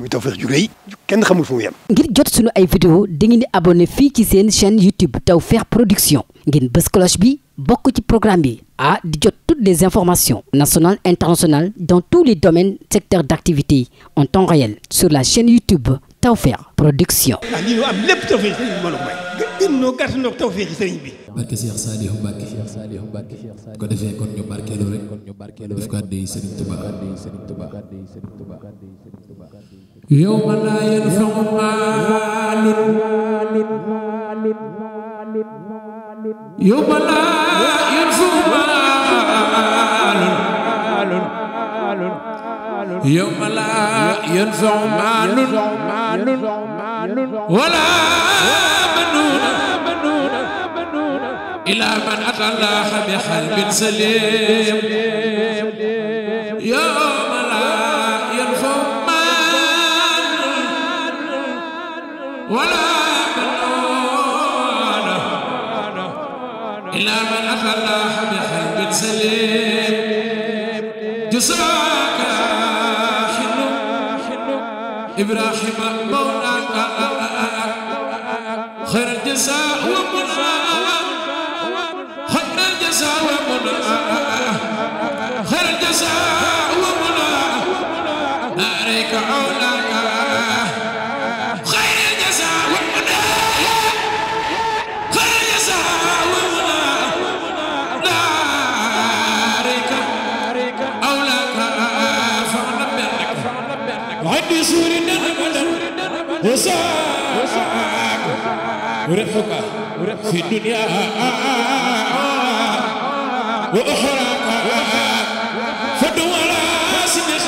muy Tawfekh ju rëy kenn ngir jot sunu ay vidéo dangeen di abonné fii ci seen chaîne YouTube Tawfekh Production ngeen bës bi bokk ci programme bi ah di jot toutes des informations nationales internationales dans tous les domaines secteurs d'activité en temps réel sur la chaine YouTube Tawfekh Production. ah lii ñu يوم لا ينفع مال يوم لا ينفع مال يوم لا ينفع مال ولا بنون إلى من أتى الله بحلم سليم إبراهيم مولانا خير الجزاء ومنى خير الجزاء ومنى خير الجزاء ومنى نارك عولاك وسعاك ورفقك في الدنيا وأخراك فدوى راسمك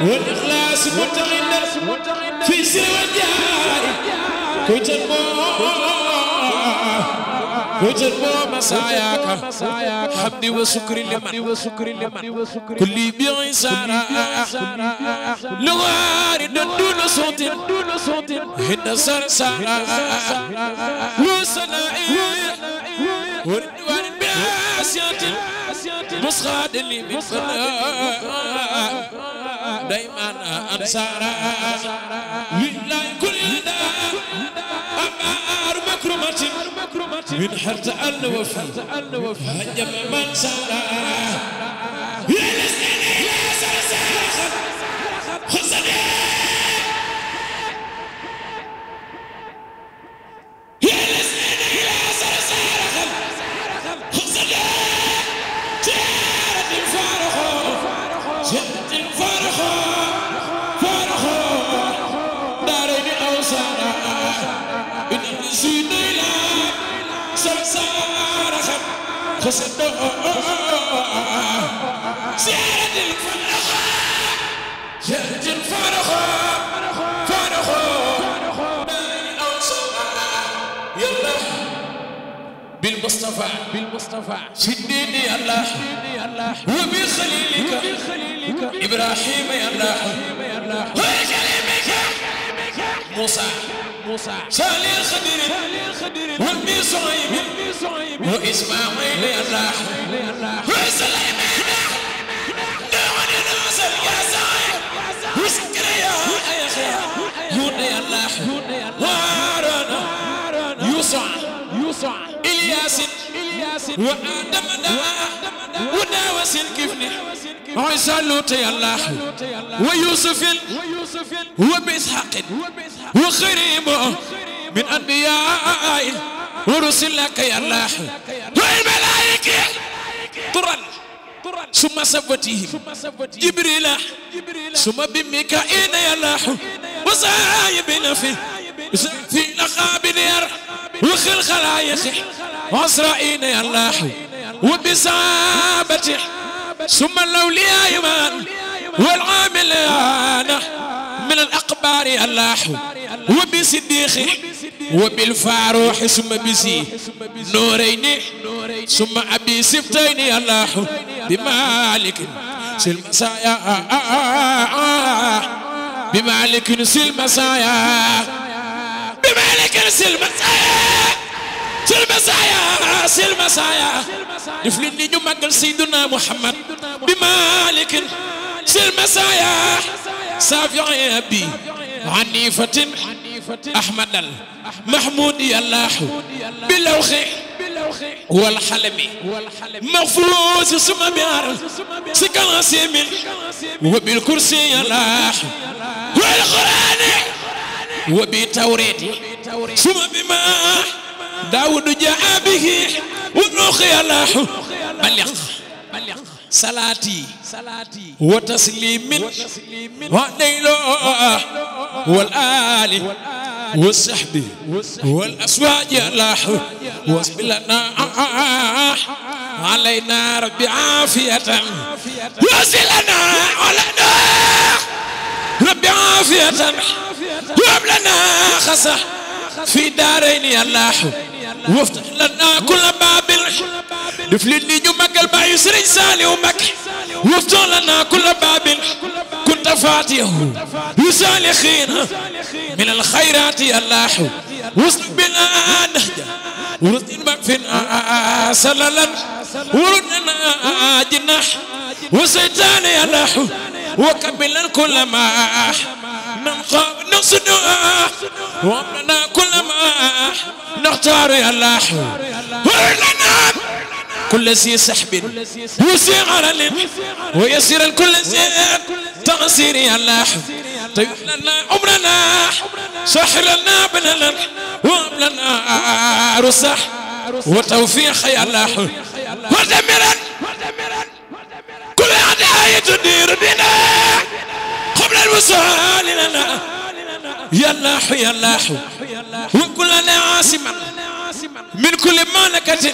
والإخلاص متغنى في سوى الجاه كتبه وجل ما مساياك حمدي وشكري لمن كلي بعسارة لغارد دون صوت هند سرسارة وسنائي وردوان بأسيات مسخاد لي من دايما أنصارا لله كل دار مكرمة من حرت أن وفي هجم من سرى يا لسنا يا سرسان خصني سالي الخدر وابني صعيب وإسماعيل الله وسليمان دعوني نوصل يا صعيب وسكر يا أخي يوني الله وارنا يوسع إلياس وآدم دعاه ونا وسلكفني عيسى لوطي الله ويوسف وبإسحاق وخريم من أنبياء ورسل لك يا الله والملائكة طرا ثم سبتهم جبريل ثم بميكائيل يا الله وصائبنا في في لقاب نير وخل خلايق عسرائيل يا الله وبصابته ثم الأولياء يمان والعاملان من الأقبار الله وبصديقه وبالفاروح ثم بسي نورين ثم أبي سبتين الله بمالك سلم سايا بمالك سلم سايا بمالك سلم سايا silmasaaya silmasaaya def leen ni ñu màggal sayduna muhammad bi malikin silmasaaya saafiya bi hanifatin ahmadal mahmudi yàllaahu bi lawxe wal xalami maxfuusi suma biar si kalansi min wa bil kursi yàllaahu wal qurani wa bi tawriti suma bi maa daawud jaa bihi wa nuqiya lahu baliq salaati wa taslimin wa daylo wal aali wa sahbi wal aswaaji lahu wasbilana alayna rabbi aafiyatan wasilana alana rabbi aafiyatan wamlana xasa fi daarayni allahu waftah lanaa kulla baabin def leen ni ñu màggal bàyyi Serigne Saliou Mbacké waftah lanaa kulla baabin kunta faatihahu li saalihiina min alxayraati yallaahu waslu binaa nahja ورد مغفن سللا ورد جناح وسيطان يلاح وكمل كل ما نقصد وامنا كل نختار يا الله ولنا كل ذي سحب وصغر لم ويسر كل ذي تغسير يا الله طيب لنا عمرنا سحر لنا بلنا وابلنا رسح وتوفيق يا الله ودمرا كل أعداء تدير بنا قبل الوصول لنا يا الله يا الله وكل عاصما من كل مالكة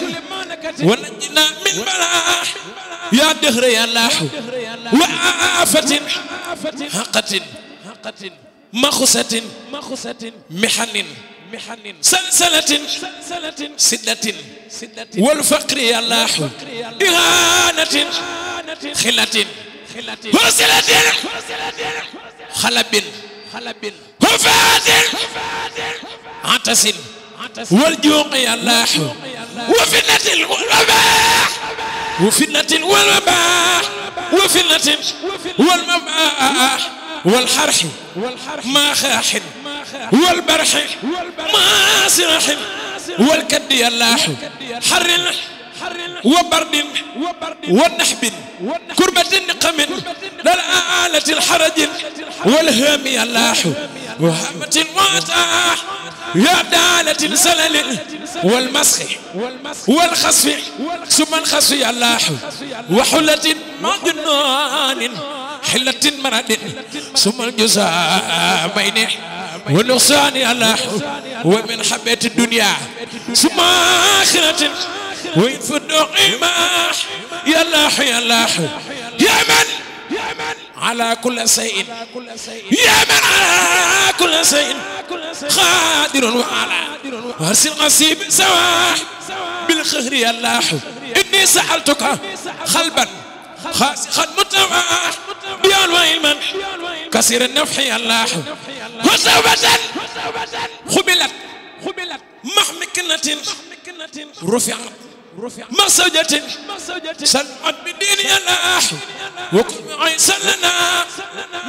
ونجنا من بلاء يا دهر يا الله وآفة هقة مخسة محن محن سلسلة سدة والفقر يا الله إهانة خلة وسلة خلب حلب وفاد عطس والجوع يلاح وفنة والوباح وفنة والوباح وفنة والمباح والحرح ما خاح والبرح ما سرح والكد يلاح حر وبرد ونحب كربة نقم دل آلة الحرج والهام يلاح وهمة وأتاح يا دالة السلل والمسخ والخصف ثم الخصف يلاح وحلة مجنون حلة مرد ثم الجزاء بينه ونقصان يلاح ومن حبة الدنيا ثم آخرة ويف النعيمة يا الله يا الله يا من على كل شيء يا من على كل شيء قادر وعلى وارسل نصيب سواح بالخير يا الله إني سألتك خلبا خد متوى بأنواع من كثير النفح يا الله وتوبة خبلت محمكنة رفعت مسجة سلمت بدين الله وكم سلنا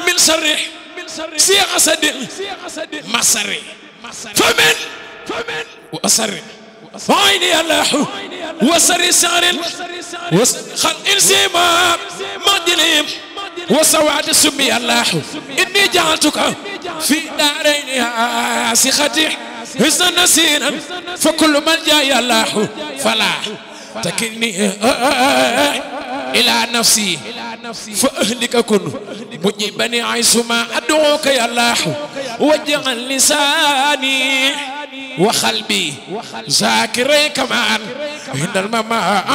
من سر سيغ سد مسر فمن وأسر وعيني الله وسر سعر خلق سيما مدليم وسواد سمي الله إني جعلتك في دارين سخته حسن نسينا فكل من جاء الله فلا تكلني إلى نفسي فأهلك كن مجيبني عيسما أدعوك يا الله واجعل لساني وقلبي ذاكريك معا عند الممات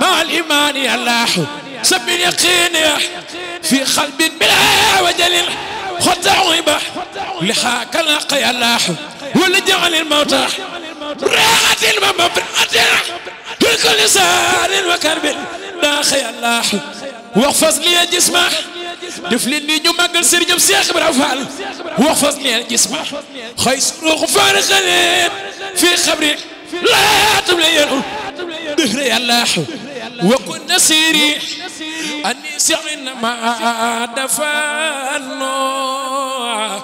مع الإيمان يا الله سب اليقين في قلب بلا وجل خدعوا به لحاك لاقى يا الله ولجعل الموت راحة المبرأة لكل سهر وكرب داخل الله واحفظ لي جسمه def leen nii ñu màggal sëriñam Cheikh Ibrahima Fall wax fas leen gis ma xëy suruuxu faarixaleen fii xabri laatum la yenu dëhre yàlla وكن نسيري أني سعين ما دفنوا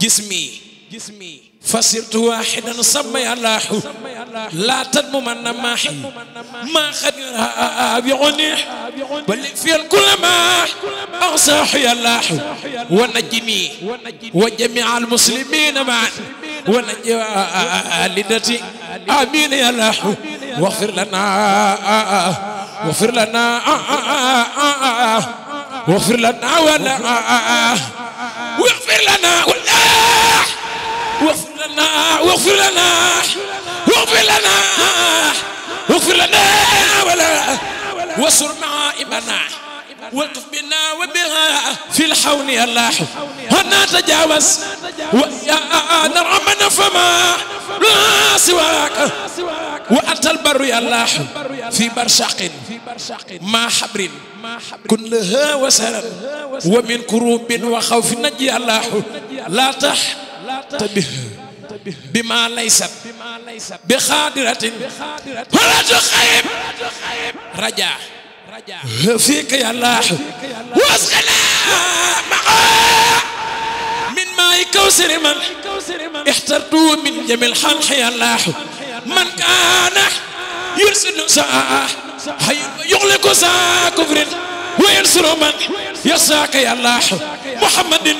جسمي جسمي فصرت واحدا سمي الله لا تدم من ماحي ما خدرها بعنح بل في الكل ما أغصاح يا الله ونجني وجميع المسلمين معا ونجي والدتي آمين يا الله واغفر لنا واغفر لنا واغفر لنا ولا واغفر لنا ولا واغفر لنا واغفر لنا واغفر لنا واغفر لنا ولا وصرنا إمنا والطف بنا وبها في الحون يا الله هنا تجاوز نرعمنا فما لا سواك وأتى البر يا الله في برشاق ما حبر كن لها وسلام ومن كروب وخوف نجي الله لا تح تبه بما ليست بخادرة ولا تخيب رجاء فيك يا الله واسقنا معاه من ماء كوثر من احترته من جميع الخلق يا الله من كان يرسل ساعة يغلق ساعة كفر ويرسل من يساك يا الله محمد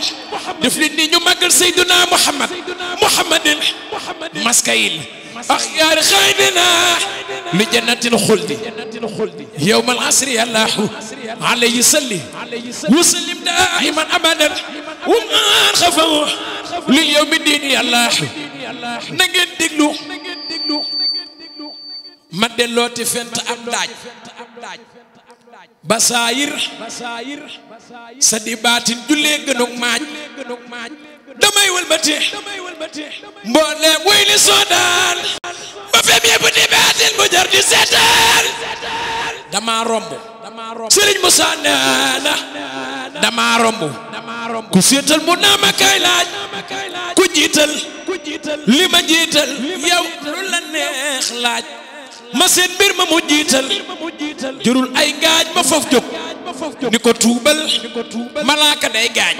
دفلني نمجر سيدنا محمد محمد مسكين أخيار خيبنا لجنة الخلد يوم العصر يلاح عليه يصلي وسلم دائما أبدا وما خفوا لليوم الدين يلاح نجد دقلو ما دلوتي فنت أبداج بصاير سدي باتن جلي جنوك ماج damay wëlbati mbooleem wuy li soo ba fem yëpp di baatil bu di seetaan dama romb Sëriñ Musa neena dama romb ku seetal mu naa kay laaj ku jiital li ma jiital yow lu la neex laaj ma seen mbir ma mu jiital jurul ay gaaj ma foof jóg ni ko tuubal malaaka day gaañ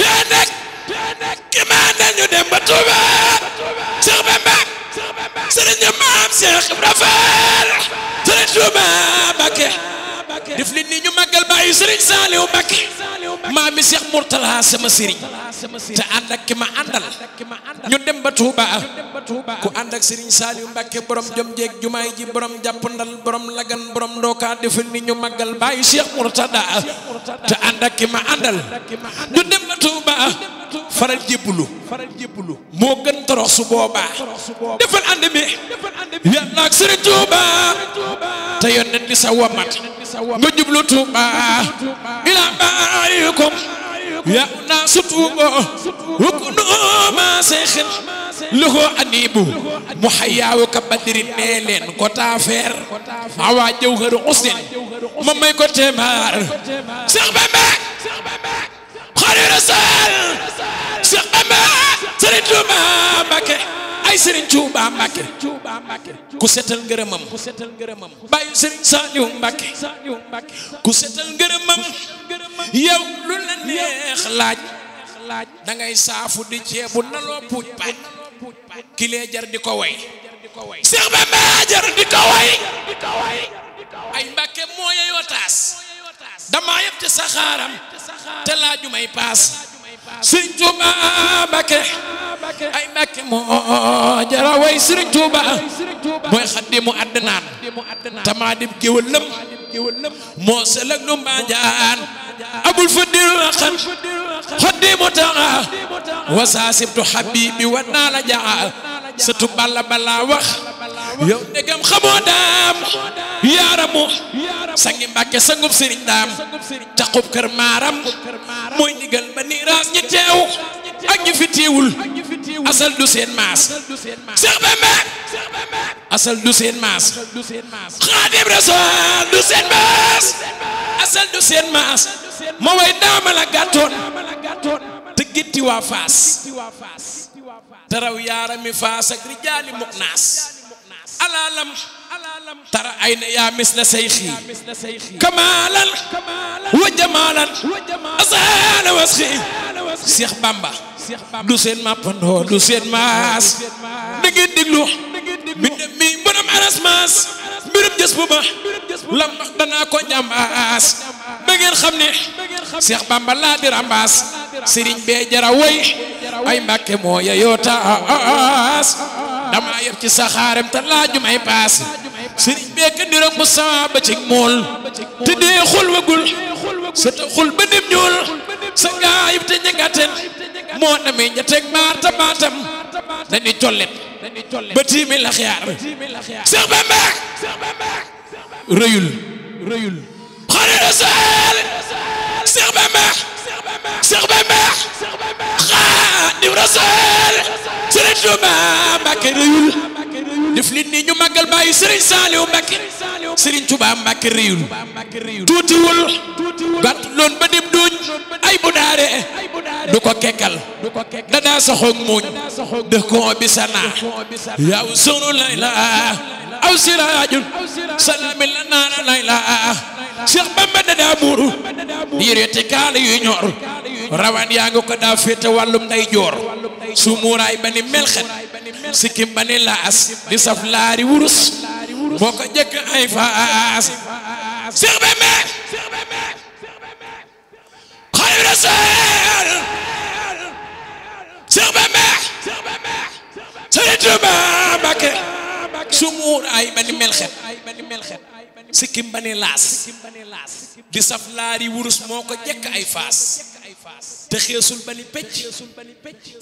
te nag ki ma nañu dem ba Tuuba Cheikh Bamba sëriñ maam Cheikh Ibra Fall sëriñ Tuuba def leen ni ñu màggal bàyyi sëriñ Saaliw Mbàkke maa mi Seex Murtala sama sëriñ te ànd ak ki ma àndal ñu dem ba Touba ku ànd ak sëriñ Saaliw Mbàkke borom jom jeeg jumaay ji borom jàpp ndal borom lagan borom ndookaa defal ni ñu màggal bàyyi Seex Murtada te ànd ak ki ma àndal ñu dem ba Touba faral jébbalu moo gën torox su boobaa defal ànd mi yàlla ak Sëriñ Tuuba te yónneen li sa wamat nga jublu Tuuba ila baarikum ya naa su tuubo hukunu ma seexin loxo anibu mu xayaawu ka badirin nee leen ko taafeer awaa jëw xëru ma may ko téemaar Seex Bamba xarit Rasul si xamee Serigne Touba Mbakke ay Serigne Touba Mbakke ku setal ngërëmam bàyyi Serigne Saliou Mbakke ku setal ngërëmam yow lu la neex laaj da saafu di ceebu naloo puuj paaj ki jar di ko way Seex Bamba jar di ko way ay Mbakke mooy yoo taas damaa yëpp ci saxaaram. te laaju may paas sëriñ Tuuba Mbakke ay Mbakke moo jara way sëriñ Tuuba mooy xaddimu àddinaan tamaa dib géwëlëm moo selëg lu mbaajaan أبو الفدير أخن خدي متاع وساسبت حبيبي ونال جاع ستبالا بلا وخ yow ndegam xamoo daam yaaramu sangi mbàkke sangub sëriñ daam caqub kër maaram mooy ndigal ba niiraas ñi teew ak ñu asal du seen maas Cheikh Bamba asal du seen maas Xaadim Rasuul asal du seen maas ma way daama la gàttoon te gétti waa faas taraw yaarami faas ak rijaali muknaas alaalam ayna yaa misla sayxi kamaalan wa jamaalan asaala wasxi Cheikh Bamba du seen mappandoo du seen maas da ngeen déglu mbindam mi borom aras maas mbirum jës bu ba lam wax danaa ko jàmbaas ba ngeen xam ne Cheikh Bamba laa di rambaas sëriñ bee jara woy ay mbàkke moo ya yoo taas dama yëpp ci saxaarem te laaju may paas sëriñ bee ka diroog bu sama ba cig mool te dee xul wagul sa ta xul ba dem ñuul sa gaayub te ñangaten moo namee ñetteeg maata maatam dañuy collet ba tiimi la xiyaar Seex Bamba rëyul rëyul xale rasul Seex Bamba Seex Bamba xaadim rasul Sëriñ Tuuba Mbàkke rëyul def nit ñi ñu màggal bàyyi Serigne Saliou Mbacke Serigne Touba Mbacke réyul tuutiwul gàtt loon ba dem dooñ ay bu daare du ko kekkal danaa saxoog muñ dëx ko bi sana yaw sunu lay la aw siraajul salaami la naana lay la Cheikh Bamba dadaa muuru yëreeti kaala yu ñor rawaan yaa ngi ko daa féete wàllum nday joor su muuraay ba ni melxet sikkim ba ni laas di saf laari wurus moo ko jëkk ay faas Cheikh Bamba Seyal Cheikh ba ni laas di saf laari wurus moo ko jekk ay faas te xeesul ba ni pecc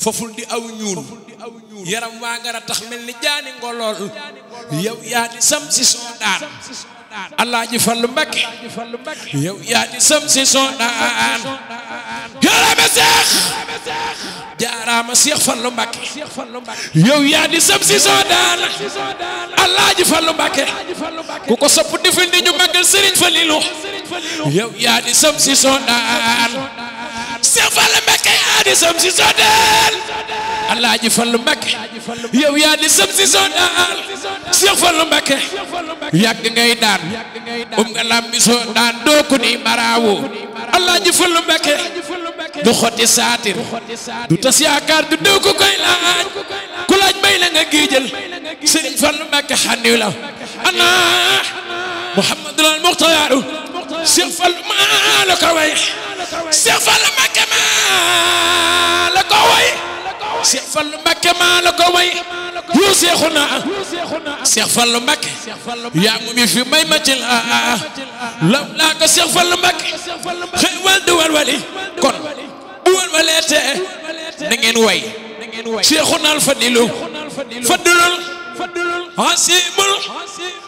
foful di aw ñuul yaram waa ngara tax mel ni jaani ngolool yow yaa di sam si soo daan Alaaji Fallu Mbàkke yow yaa di sam si daan jaaraama seex jaaraama seex Fallu Mbàkke yow yaa di sëm si soo daana Fallu Mbàkke ku ko sopp defal ni ñu màggal Sëriñ Falilu yow yaa di sëm si soo daan Fallu Mbàkke yaa di sëm si soo alaaji fallu mbakke yow yaa di sëm si soo mbakke yàgg ngay um nga lambi soo daan doo ko ni baraawu alaaji fallu mbakke du xotti saatir du tas yaakaar du dëw koy laaj ku laaj may la nga géejël sëriñ fallu mbakke xanniw la ana muhammadul al la ko way Cheikh fallu mbakke maa Cheikh Fallou Mbacké maa la ko way yoo seexuna Cheikh Fallou Mbacké yaa ngi mi fi may ma ci laa ah, ah, ah. law laa ko Cheikh Fallou Mbacké xëy wal du walwali kon bu walwalee te na ngeen way seexuna al fadilu fadilul fadlul asimul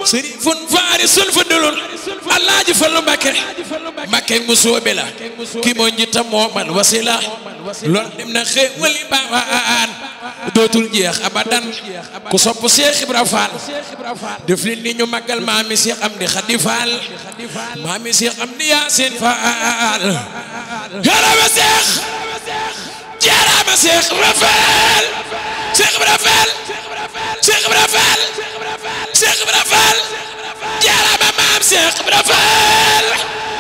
sirifun farisul fadlul alaaji fallu mbakke mbakke musoobe la ki moo njiitam moo wasila lool dem na xéewal yi baawaan dootul jeex abadan ku sopp Seex Ibra Faal def leen ni ñu màggal maami Seex Amdi Xadi Faal maami Seex Amdi Yaasin Faal jarama Seex jarama Seex Rafaal Seex Ibra Faal Cheikh Ibra Fall Cheikh Ibra Fall jaarama maam Cheikh Ibra Fall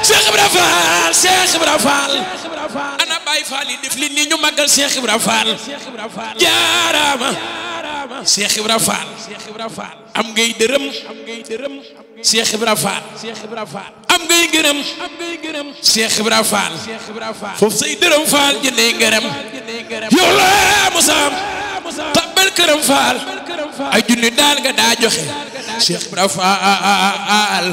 Cheikh Ibra Fall Cheikh Ibra Fall ana Baay Faal yi def li ni ñu màggal Cheikh Ibra Fall jaarama Cheikh Ibra Fall am ngay dërëm Cheikh Ibra Fall am ngay gërëm Cheikh Ibra Fall foofu say dërëm Fall jëndee ngërëm yow la musaam tabbal këram Fall ay junni daal nga daa joxe Cheikh Ibra Fall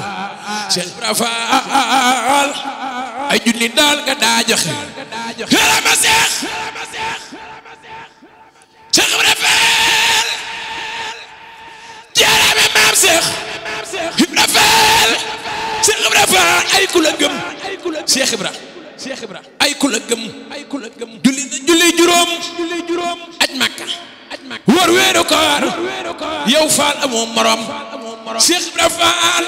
ay junni daal nga daa joxe xelama Cheikh Cheikh Ibra Fall jaarame maam Cheikh Ibra Fall ay ku la gëm Cheikh ay ku la julli na aj mag góor weeru koor yow faal amoo morom Cheikh Ibra Faal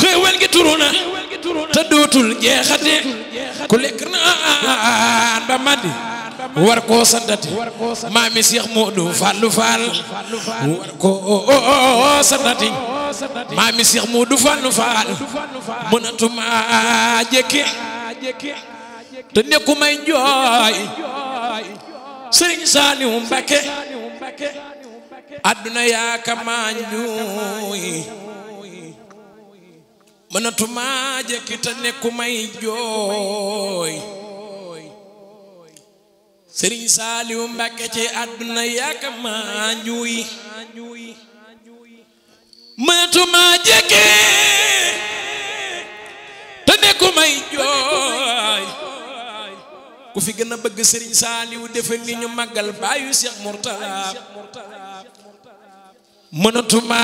xéewal gi turu na te jeexate ku lekk naan ba màndi war koo maami Cheikh Modou Fallou Fall war koo santati maami Cheikh Modou Fallou Fall mënatuma jékki te nekku may njooy sëriñ Saaliwu Mbakke adduna yaa ka maañuy mënatuma jekki te nekku may jooy sëriñ Saaliwu Mbakke ci adduna yaa ka maañuy mënatuma jekki te nekku may jooy ku fi gën a bëgg sëriñ saaliwu defal ni ñu màggal baayu Cheikh Mourtala mënatuma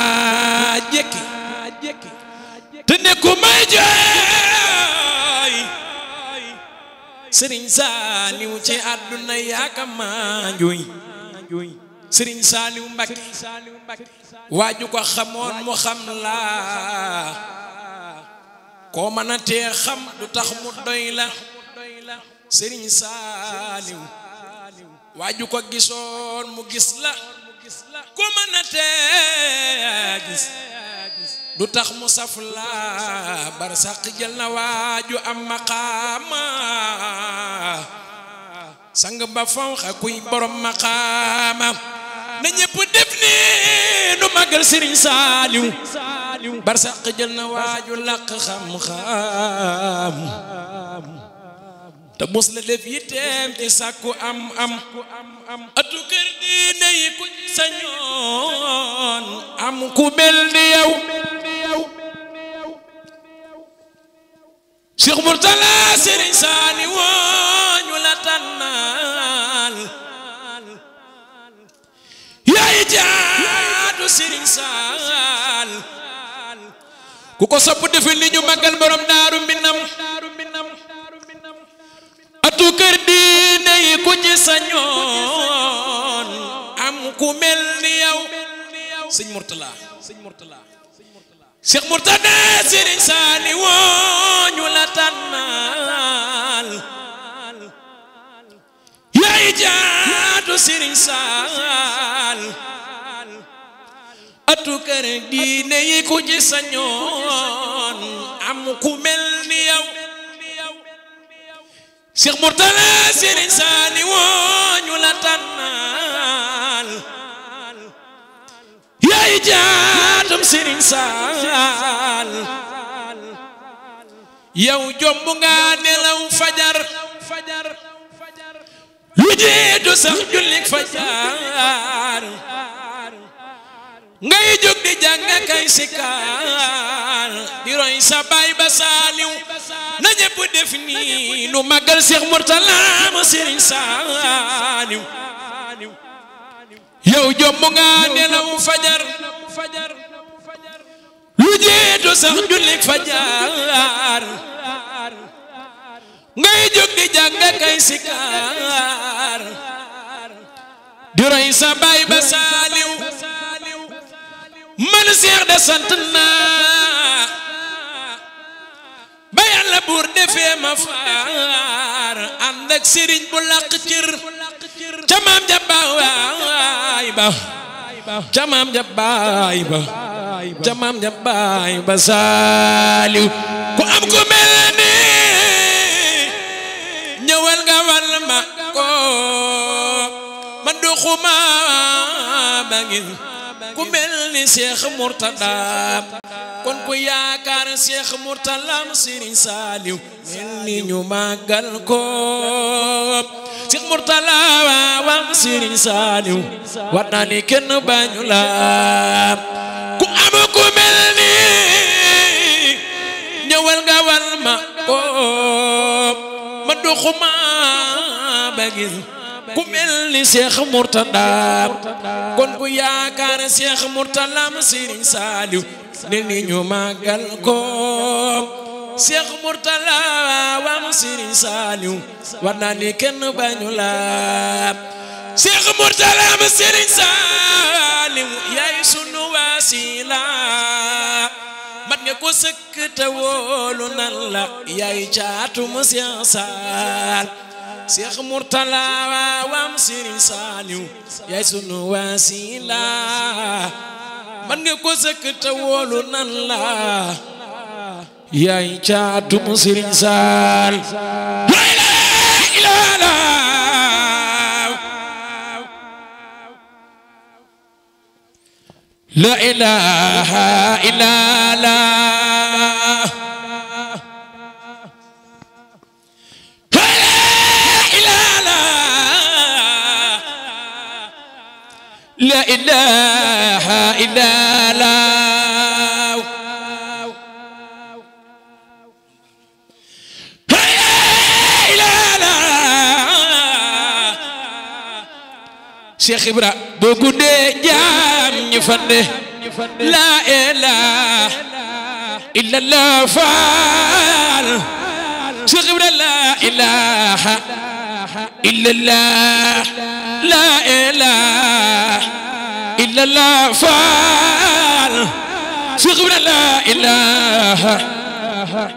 jekki te nekku may jooy sëriñ saaliwu ci àdduna yaaka maa sëriñ saaliwu Mbàkke waaju ko xamoon mu xam laa koo mën xam du tax mu doy la sëriñ saaliw waaju ko gisoon mu gis la ku mën gis du tax mu saf la barsaq jël na waaju am maqaama sang ba faw xa kuy borom maqaama na ñépp def ni nu magal sëriñ saaliw barsaq jël na waaju làq xam-xam te la def yitteem ci sàkku am am atu kër diine yi ku sañoon am ku mel ni yow Cheikh Mourtala Serigne Sani la tànnal yaay jaadu Serigne ku ko sopp defal li ñu màggal borom daaru minam kër diine yi ku ci sañoon am ku mel ni yow sëñ Mourtala sëñ Mourtala Cheikh Mourtada Serigne Sali woo ñu la tànnal yaay jaatu Serigne Sal atu kër diine yi ku ci sañoon am ku Cheikh Mourtala Serigne Sali woo ñu la tànnal yaay jaatum Serigne Sall yow jomb nga nelaw fajar lu jiitu sax jullik fajar ngay jóg di jàng kay sikar di roy sa baay ba saaliw na ñëpp def nii nu màggal Seex Murtala ma Sëriñ Saaliw yow jomb nga nelaw fajar lu jeetu sax julli fajar ngay jóg di jàng kay sikar di roy sa baay ba saaliw man seex de sant naa ba yàlla buur defee ma faar ànd ak sëriñ bu làq cër ca ja baay ba ca ja baay ba ca ku am ku mel ni ñëwal nga wàll ma man du xuma ba ku mel ni Cheikh Mourtada kon ku yaakaar Cheikh Mourtada Serigne Saliou mel ni ñu màggal ko Cheikh Mourtada waawam Serigne Saliou war naa ni kenn bañu la ku am ku mel ni ñëwal nga war ma ko ma duxuma ba gis ku mel ni Cheikh Mourtada kon ku yaakaar Cheikh Mourtada ma Serigne Saliou ni ñu màggal ko Cheikh Mourtada wa ma Serigne Saliou war naa ni kenn bañu la Cheikh Mourtada sunu wasila mat nga sëkk te nan la yaay caatu ma Serigne Seex Murtala waam Sëriñ Saaliw yaay sunu wasila man nga ko sëkk te wóolu nan la yaay caatum Sëriñ Saal la ilaha illa la لا إله إلا الله Cheikh Ibra boo guddee jaam ñu fande la ilaha illa Allah faal Cheikh Ibra la ilaha إلا الله لا إله إلا الله فعل سيغفر لا إله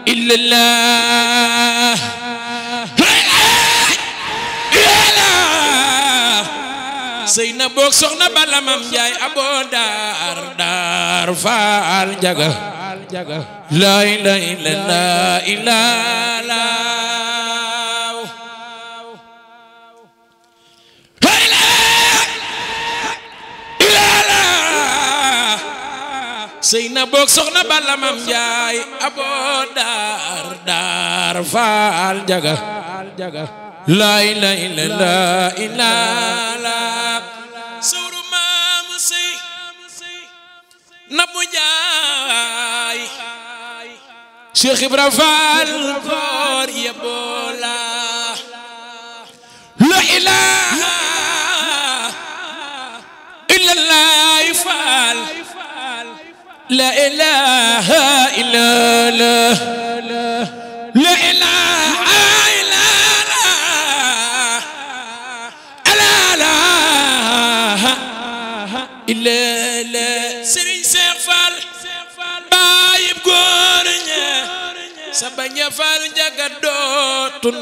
إلا الله سينا بوك سخنا بلا مام جاي أبو دار دار فعل جاga لا إله إلا الله إلا الله sëy na boog soxna balla mam aboo daar daar faal jaga lay lay la la ilaala suuru maam sëy na bu njaay Cheikh Ibra Faal koor yeboola la ilaala la ilaha illa la la ilaha illa la la illa la Serigne Cheikh Fall bayib góor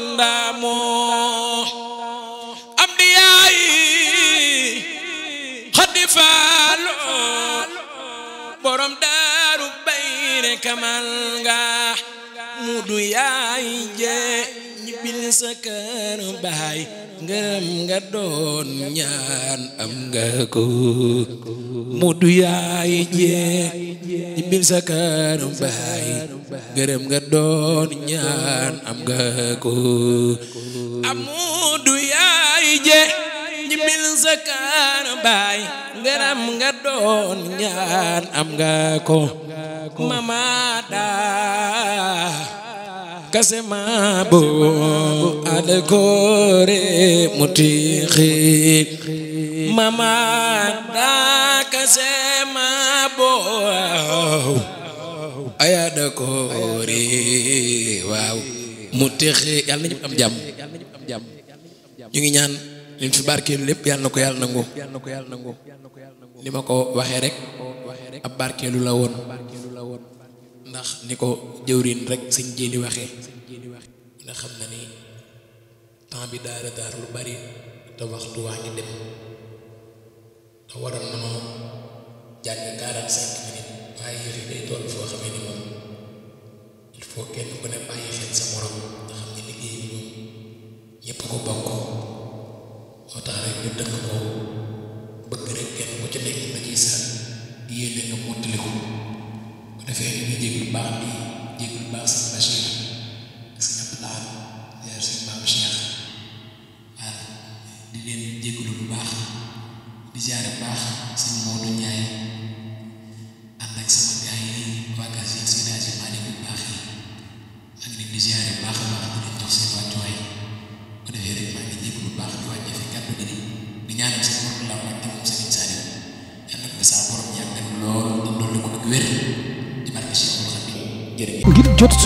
ña borom daaru bayre kamal nga mu du je ñibbil sa kër baay ngërëm nga doon ñaan am nga ko am nga ko je bil zakaan baay ngërëm nga doon ñaan am nga ko mamaada kase maa bu ale koore mu tiixi mamaada kase maa bu ayada koore waaw mu tiixi yàlla na ñépp am jàmm ñu ngi ñaan li mu fi barkeel lépp yàlla na ko yàlla nangu ni ma ko waxee rek ab barkeelu la woon ndax ni ko jëwriñ rek sëñ jéeni waxee nga xam na ni temps bi daara daar lu bari te waxtu waa ngi dem te waroon na ma jàng quarante ki minutes waaye yëfi day toll foo xamee ni moom il faut kenn ku ne bàyyi